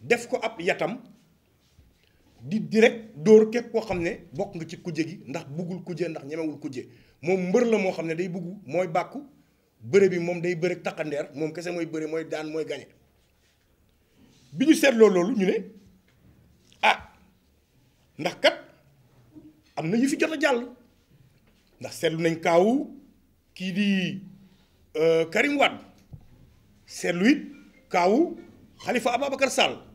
def ko ab yatam di direct dóor képp koo xam ne bokk nga ci kuje gi ndax buggul kuje ndax ñemewul kuje moom mbër la moo xam ne day bugg mooy bàkku bërëb bi moom day bëre takkandeer moom kese mooy bëre mooy daan mooy gañe bi ñu seetloo loolu ñu ne ah ndax kat am na yu fi jot a jàll ndax seetlu nañ kaawu kii di euh, Karim Wade seetlu it kaawu Khalifa Ababacar Sall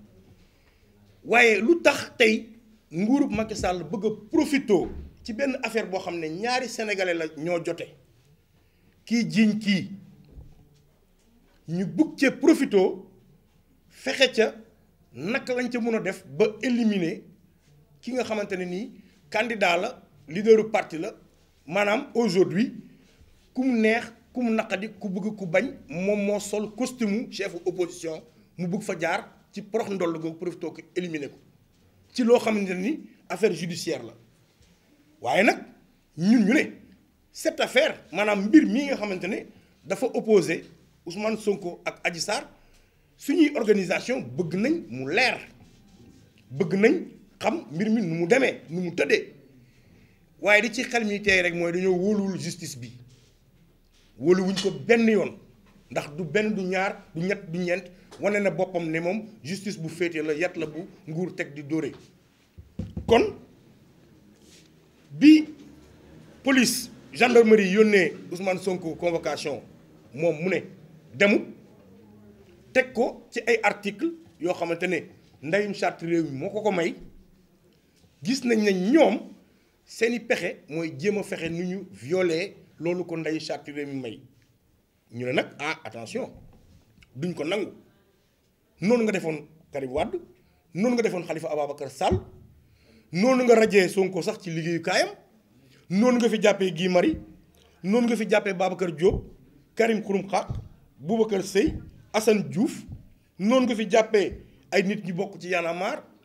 waaye lu tax tey nguurub Macky Sall bëgg a profitoo ci benn affaire boo xam ne ñaari sénégalais la ñoo jote kii jiiñ kii ñu bugg cee profitoo fexe ca naka lañ ca mën a def ba éliminer ki nga xamante ne nii candidat la leaderu parti la maanaam aujourd'hui ku mu neex ku mu naqadi ku bëgg ku bañ moom moo sol costume chefu opposition mu bugg fa jaar ci porox ndoll googu profité ko éliminé ko ci loo xamante ne ni affaire judiciaire la waaye nag ñun ñu ne cette affaire maanaam mbir mii nga xamante ne dafa opposé Ousmane Sonko ak Adji Sarr suñuy organisation bëgg nañ mu leer bëgg nañ xam mbir mi nu mu demee nu mu tëddee waaye di ci xel mi tey rek mooy dañoo wóoluwul justice bi wóoluwuñ ko benn yoon. ndax du benn du ñaar du ñett du ñeent wane na boppam ne moom justice bu féete la yat la bu nguur teg di dóore kon bi police gendarmerie yónnee Ousmane Sonko convocation moom mu ne demut teg ko ci ay article yoo xamante ne ndeyum charte réew mi moo ko ko may gis nañ ne ñoom seeni pexe mooy jéem a fexe ni ñu violer loolu ko ndeyu charte réew mi may ñu ne nag ah attention duñ ko nangu noonu nga defoon Karim Wade noonu nga defoon Khalifa Ababacar Sall noonu nga rajee Sonko sax ci liggéeyu kaayam noonu nga fi jàppee Guy Marius noonu nga fi jàppee Babacar Diop Karim Xurum Xaq Boubacar Sèye Assane Diouf noonu nga fi jàppee ay nit ñi bokk ci Y'en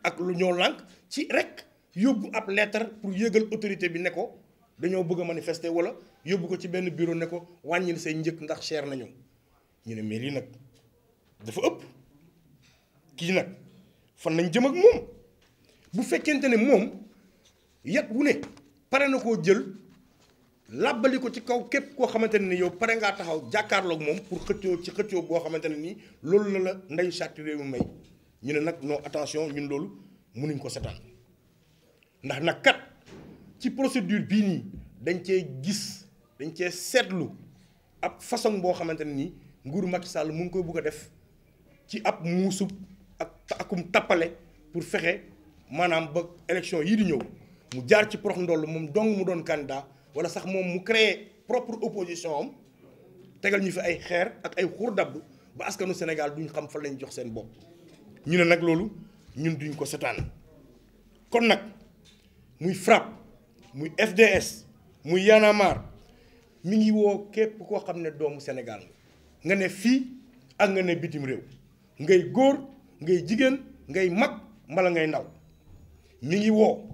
ak lu ñoo lànk ci rek yóbbu ab leetar pour yëgal autorité bi ne ko dañoo bëgg a manifester wala yóbbu ko ci benn bureau ne ko wàññil say njëkk ndax cher nañu ñu ne mais lii nag dafa ëpp kii nag fan nañ jëm ak moom bu fekkente ne moom yat wu ne pare na koo jël làbbali ko ci kaw képp koo xamante ne ni yow pare ngaa taxaw jàkkaarloog moom pour xëccoo ci xëccoo boo xamante ne nii loolu la la ndeyu charte réew mi may ñu ne nag non attention ñun loolu mënuñ ko setaan ndax nag kat ci procédure bii nii dañ cee gis dañ cee seetlu ab façon boo xamante ni nii nguuru Macky Sall mu ngi koy bugg a def ci ab muusub ak akum tappale pour fexe maanaam ba élection yii di ñëw mu jaar ci prox ndoll moom dong mu doon candidat wala sax moom mu créer propre opposition am tegal ñu fi ay xeer ak ay xur dabb ba askanu Sénégal duñ xam fan lañ jox seen bopp ñu ne nag loolu ñun duñ ko setaan kon nag muy FRAPP muy FDS muy Y'en mi ngi woo képp koo xam ne doomu senegal nga ne fii ak nga ne bitim réew ngay góor ngay jigéen ngay mag mbala ngay ndaw mi ngi woo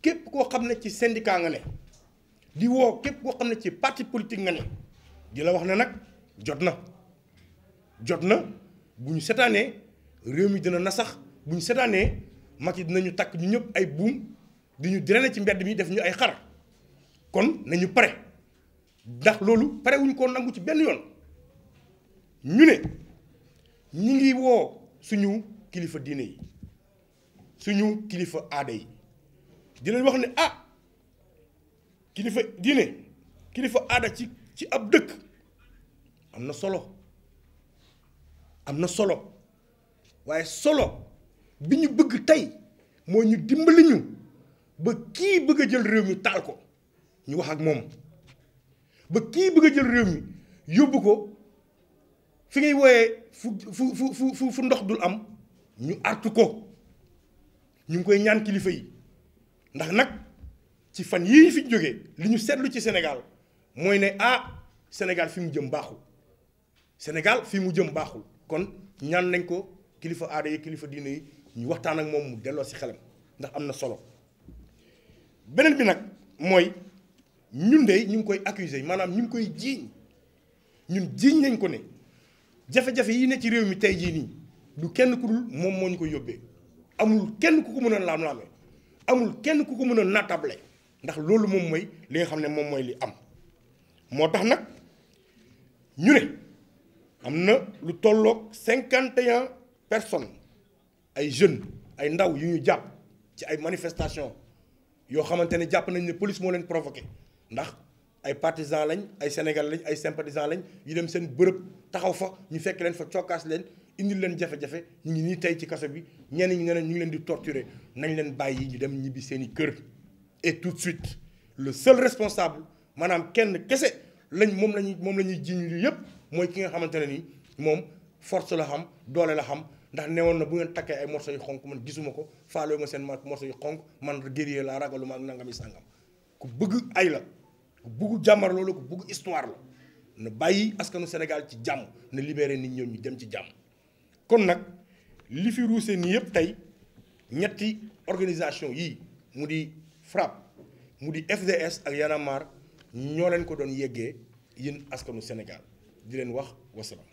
képp koo xam ne ci syndicat nga ne di woo képp koo xam ne ci parti politique nga ne di la wax ne nag jot na jot na bu ñu setaanee réew mi dina nasax bu ñu setaanee mag yi dinañu takk ñu ñëpp ay buum di ñu drainer ci mbedd mi def ñu ay xar kon nañu pare ndax loolu pare wuñ ko nangu ci benn yoon ñu ne ñu ngi woo suñu kilifa diine yi suñu kilifa aada yi di leen wax ni ah kilifa diine kilifa aada ci ci ab dëkk am na solo am na solo waaye solo bi ñu bëgg tey moo ñu dimbali ñu ba kii bëgg a jël réew mi taal ko ñu wax ak moom ba kii bëgg a jël réew mi yóbbu ko fi ngay wooyee fu fu fu fu ndox dul am ñu artu ko ñu ngi koy ñaan kilifa yi ndax nag ci fan yii fi jógee li ñu seetlu ci Sénégal mooy ne ah Sénégal fi mu jëm baaxul Sénégal fi mu jëm baaxul kon ñaan nañ ko kilifa aada yi kilifa diine yi ñu waxtaan ak moom mu delloo si xelam ndax am na solo beneen bi nag mooy. ñun de ñu ngi koy accuser maanaam ñu koy jiiñ ñun jiiñ nañ ko ne jafe-jafe yi ne ci réew mi tey jii nii du kenn ku dul moom moo ñu ko yóbbee amul kenn ku ko mën a laam amul kenn ku ko mën a nattable ndax loolu moom mooy li nga xam ne moom mooy li am moo tax nag ñu ne am na lu tolloog cinquante en personnes ay jeunes ay ndaw yu ñu jàpp ci ay manifestations yoo xamante ne jàpp nañ ne police moo leen provoqué ndax ay partisans lañ ay Sénégal lañ ay sympathisants lañ yu dem seen bërëb taxaw fa ñu fekk leen fa cokkaas leen indil leen jafe-jafe ñu ngi nii tey ci kaso bi ñeneen ñi ne ñu ngi leen di torturer nañ leen bàyyi ñu dem ñibbi seen i kër. et tout de suite le seul responsable maanaam kenn kese lañ moom lañuy moom la ñuy jiñ lii yëpp mooy ki nga xamante ne ni moom force la xam doole la xam. ndax nee woon na bu ngeen takkee ay morso yu xonk man gisuma ko faaloo ma seen morso yu xonk man guerrier laa ragaluma ak nangami sàngam ku bëgg ay la ku bugg jàmmar loolu ku bugg histoire la na bàyyi askanu Sénégal ci jàmm na libéré nit ñoom ñu dem ci jàmm kon nag li fi ruuse ni yëpp tey ñetti organisation yi mu di FRAPP mu di FDS ak Y'en ñoo leen ko doon yeggee yéen askanu Sénégal di leen wax wasalaam